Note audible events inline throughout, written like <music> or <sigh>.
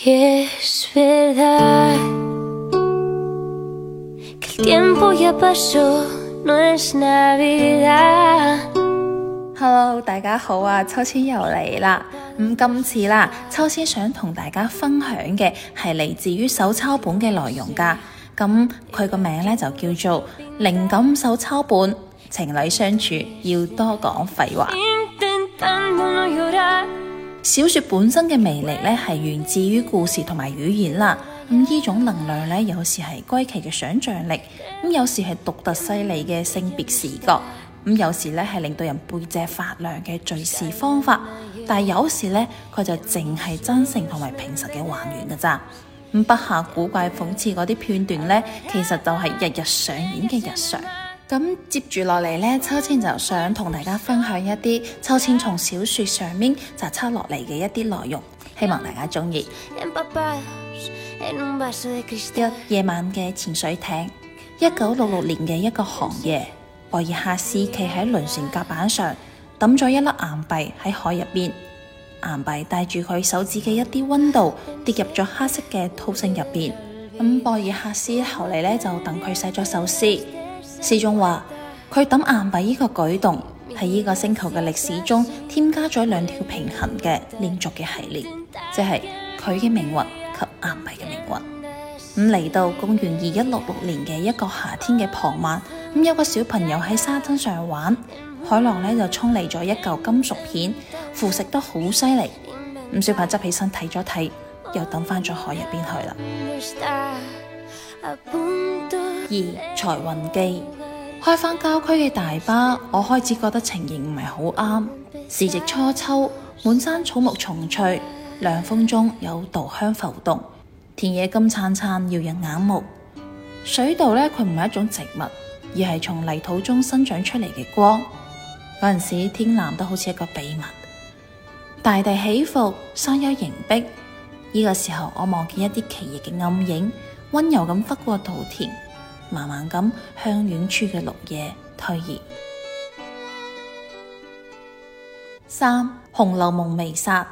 Hello，大家好啊，秋千又嚟啦。咁、嗯、今次啦，秋千想同大家分享嘅係嚟自於手抄本嘅內容㗎。咁佢個名咧就叫做《靈感手抄本》，情侶相處要多講廢話。嗯小說本身嘅魅力咧，係源自於故事同埋語言啦。呢、嗯、種能量有時係瑰奇嘅想象力，有時係獨特犀利嘅性別視角，有時咧、嗯、係令到人背脊發涼嘅敘事方法，但有時呢佢就淨係真誠同埋平實嘅還原噶咋。咁、嗯、筆下古怪諷刺嗰啲片段咧，其實就係日日上演嘅日常。咁接住落嚟呢，秋千就想同大家分享一啲秋千從小說上面摘抄落嚟嘅一啲內容，希望大家中意。一夜晚嘅潛水艇，一九六六年嘅一個寒夜，博爾赫斯企喺輪船甲板上，抌咗一粒硬幣喺海入面。硬幣帶住佢手指嘅一啲溫度跌入咗黑色嘅濤聲入面。咁博爾赫斯後嚟呢就等佢寫咗首詩。詩中話，佢抌硬幣呢個舉動喺呢個星球嘅歷史中，添加咗兩條平衡嘅連續嘅系列，即係佢嘅命運及硬幣嘅命運。咁、嗯、嚟到公元二一六六年嘅一個夏天嘅傍晚，咁、嗯、有個小朋友喺沙灘上玩，海浪呢就沖嚟咗一嚿金屬片，腐蝕得好犀利。咁小朋友執起身睇咗睇，又抌翻咗海入邊去啦。 <noise> 二財運記開返郊區嘅大巴，我開始覺得情形唔係好啱。時值初秋，滿山草木重翠，涼風中有稻香浮動，田野金燦燦，耀人眼目。水稻呢，佢唔係一種植物，而係從泥土中生長出嚟嘅光。嗰陣時天藍得好似一個秘密，大地起伏，山丘迎壁。呢個時候，我望見一啲奇異嘅暗影，温柔咁拂過稻田。慢慢咁向遠處嘅綠野退移。三《紅樓夢》未殺，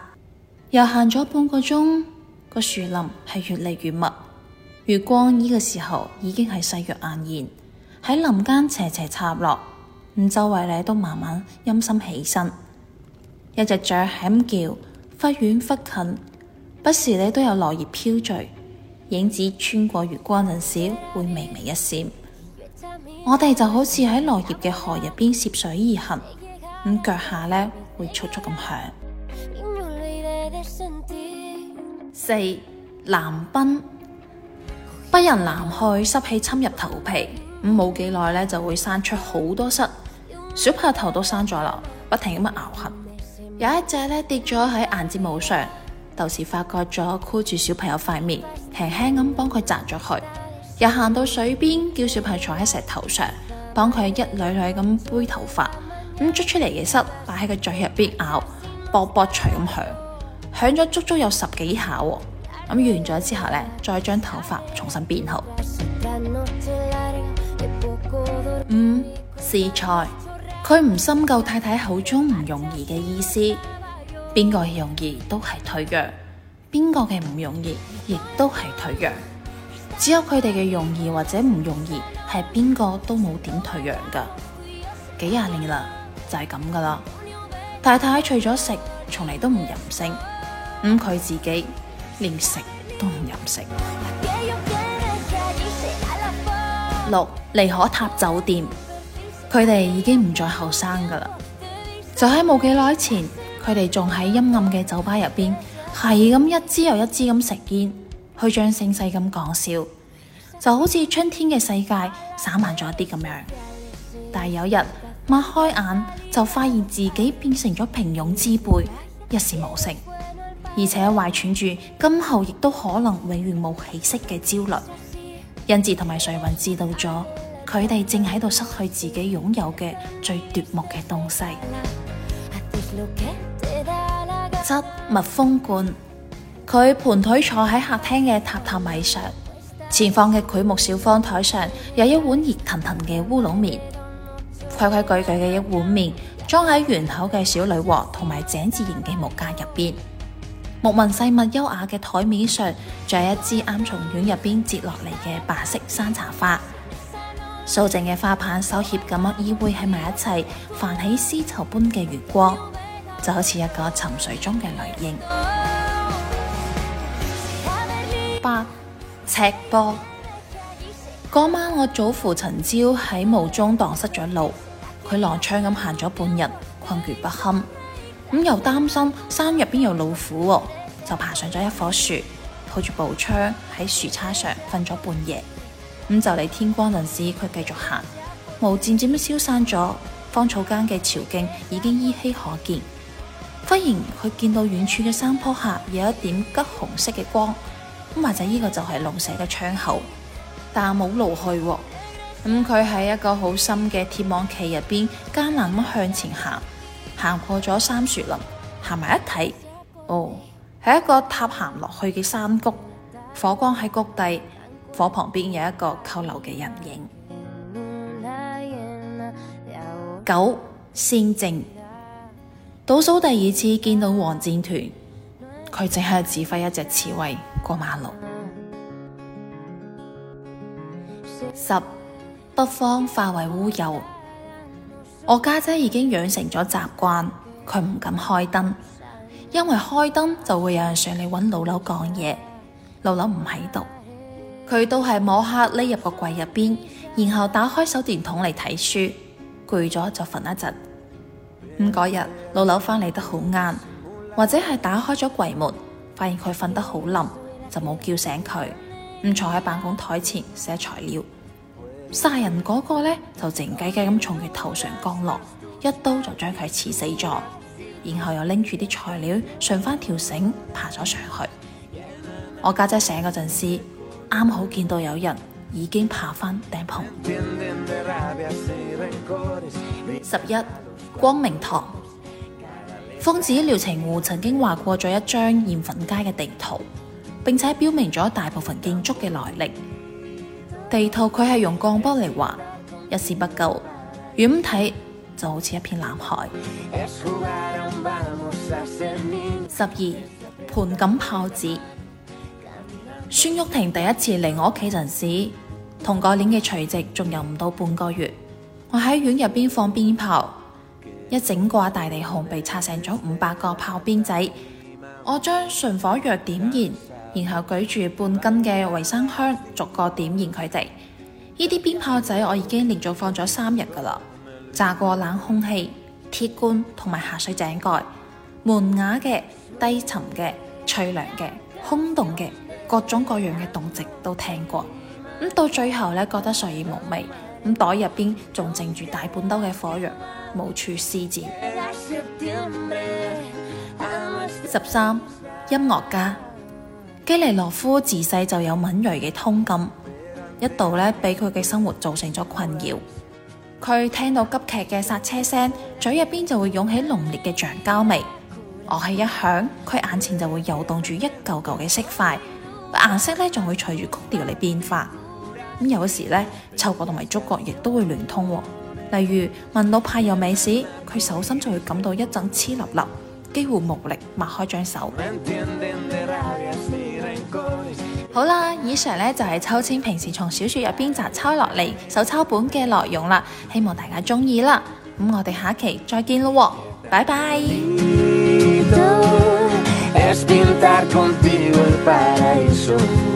又行咗半個鐘，個樹林係越嚟越密，月光呢個時候已經係細弱黯然，喺林間斜斜插落，咁周圍咧都慢慢陰森起身，一隻雀喺咁叫，忽遠忽近，不時咧都有落葉飄墜。影子穿過月光陣時，會微微一閃。我哋就好似喺落葉嘅河入邊涉水而行，咁腳下咧會簌簌咁響。四南奔，北人南去，濕氣侵入頭皮，咁冇幾耐就會生出好多虱小朋友頭都生咗啦，不停咁啊咬痕。有一隻咧跌咗喺眼睫毛上，頓時發覺咗箍住小朋友塊面。輕輕咁幫佢紮咗佢，又行到水邊，叫小朋友坐喺石頭上，幫佢一縷縷咁背頭髮，咁、嗯、捉出嚟嘅虱，擺喺佢嘴入邊咬，啵啵脆咁響，響咗足足有十幾下，哦、咁、嗯、完咗之後咧，再將頭髮重新編好。五、嗯、是菜，佢唔深究太太口中唔容易嘅意思，邊個容易都係退讓。邊個嘅唔容易，亦都係退讓。只有佢哋嘅容易或者唔容易，係邊個都冇點退讓噶。幾廿年啦，就係咁噶啦。太太除咗食，從嚟都唔任性。咁、嗯、佢自己連食都唔任性。六利可塔酒店，佢哋已經唔再後生噶啦。就喺冇幾耐前，佢哋仲喺陰暗嘅酒吧入邊。係咁一支又一支咁食煙，虛張聲勢咁講笑，就好似春天嘅世界散漫咗一啲咁樣。但係有日擘開眼，就發現自己變成咗平庸之輩，一事無成，而且懷揣住今後亦都可能永遠冇起色嘅焦慮。因智同埋瑞云知道咗，佢哋正喺度失去自己擁有嘅最奪目嘅東西。密封罐，佢盤腿坐喺客廳嘅榻榻米上，前方嘅櫸木小方台上有一碗熱騰騰嘅烏龍麵，規規矩矩嘅一碗麵裝喺圓口嘅小鋁鍋同埋井字形嘅木架入邊。木紋細密優雅嘅台面上，仲有一支啱從院入邊折落嚟嘅白色山茶花，素淨嘅花瓣，手協咁樣依偎喺埋一齊，泛起絲綢般嘅月光。就好似一個沉睡中嘅女嬰。八赤膊嗰晚，我祖父陳朝喺霧中蕩失咗路，佢踉蹌咁行咗半日，困倦不堪，咁、嗯、又擔心山入邊有老虎，就爬上咗一棵樹，抱住步槍喺樹杈上瞓咗半夜，咁、嗯、就嚟天光陣時，佢繼續行，霧漸漸都消散咗，芳草間嘅潮徑已經依稀可見。忽然佢見到遠處嘅山坡下有一點橘紅色嘅光，或者呢個就係龍蛇嘅窗口，但冇路去，哦。咁佢喺一個好深嘅鐵網棋入邊艱難咁向前行，行過咗三樹林，行埋一睇，哦，係一個塌陷落去嘅山谷，火光喺谷底，火旁邊有一個佝僂嘅人影。九，先靜。倒數第二次見到黃戰團，佢淨係指揮一隻刺蝟過馬路。十、北方化為烏有，我家姐已經養成咗習慣，佢唔敢開燈，因為開燈就會有人上嚟揾老劉講嘢，老劉唔喺度，佢都係摸黑匿入個櫃入邊，然後打開手電筒嚟睇書，攰咗就瞓一陣。唔，嗰日老柳翻嚟得好晏，或者係打開咗櫃門，發現佢瞓得好冧，就冇叫醒佢，唔坐喺辦公台前寫材料。殺人嗰個咧就靜雞雞咁從佢頭上降落，一刀就將佢刺死咗，然後又拎住啲材料順翻條繩爬咗上去。我家姐，姐醒嗰陣時，啱好見到有人已經爬翻頂棚。十一。光明堂瘋子廖晴湖曾經畫過咗一張鹽粉街嘅地圖，並且表明咗大部分建築嘅來歷。地圖佢係用鋼筆嚟畫，一絲不苟。遠睇就好似一片藍海。十二盤錦炮子，孫玉婷第一次嚟我屋企陣時，同過年嘅除夕仲有唔到半個月，我喺院入邊放鞭炮。一整掛大地紅被拆成咗五百個炮鞭仔，我將純火藥點燃，然後舉住半斤嘅衛生香逐個點燃佢哋。呢啲鞭炮仔我已經連續放咗三日噶啦，炸過冷空氣、鐵罐同埋下水井蓋、悶啞嘅、低沉嘅、脆涼嘅、空洞嘅，各種各樣嘅動靜都聽過。咁到最後呢，覺得索然無味。咁袋入邊仲剩住大半兜嘅火藥，無處施展。十三，音樂家基尼洛夫自細就有敏銳嘅通感，一度呢俾佢嘅生活造成咗困擾。佢聽到急劇嘅剎車聲，嘴入邊就會湧起濃烈嘅橡膠味；樂器一響，佢眼前就會游動住一舊舊嘅色塊，顏色呢仲會隨住曲調嚟變化。咁、嗯、有時呢，嗅覺同埋觸覺亦都會聯通，哦，例如聞到派油味時，佢手心就會感到一陣黐立立，幾乎無力擘開張手。嗯、好啦，以上呢就係、是、秋千平時從小説入邊摘抄落嚟手抄本嘅內容啦，希望大家中意啦。咁、嗯、我哋下期再見咯，拜拜。欸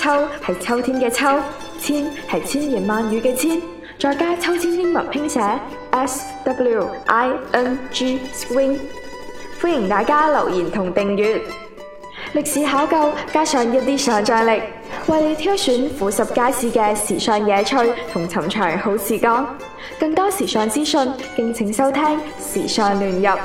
秋係秋天嘅秋，千係千言萬語嘅千，再加秋千英文拼寫 S W I N G swing。歡迎大家留言同訂閱。歷史考究加上一啲想象力，為你挑選富十街市嘅時尚野趣同尋常好時光。更多時尚資訊，敬請收聽時尚亂入。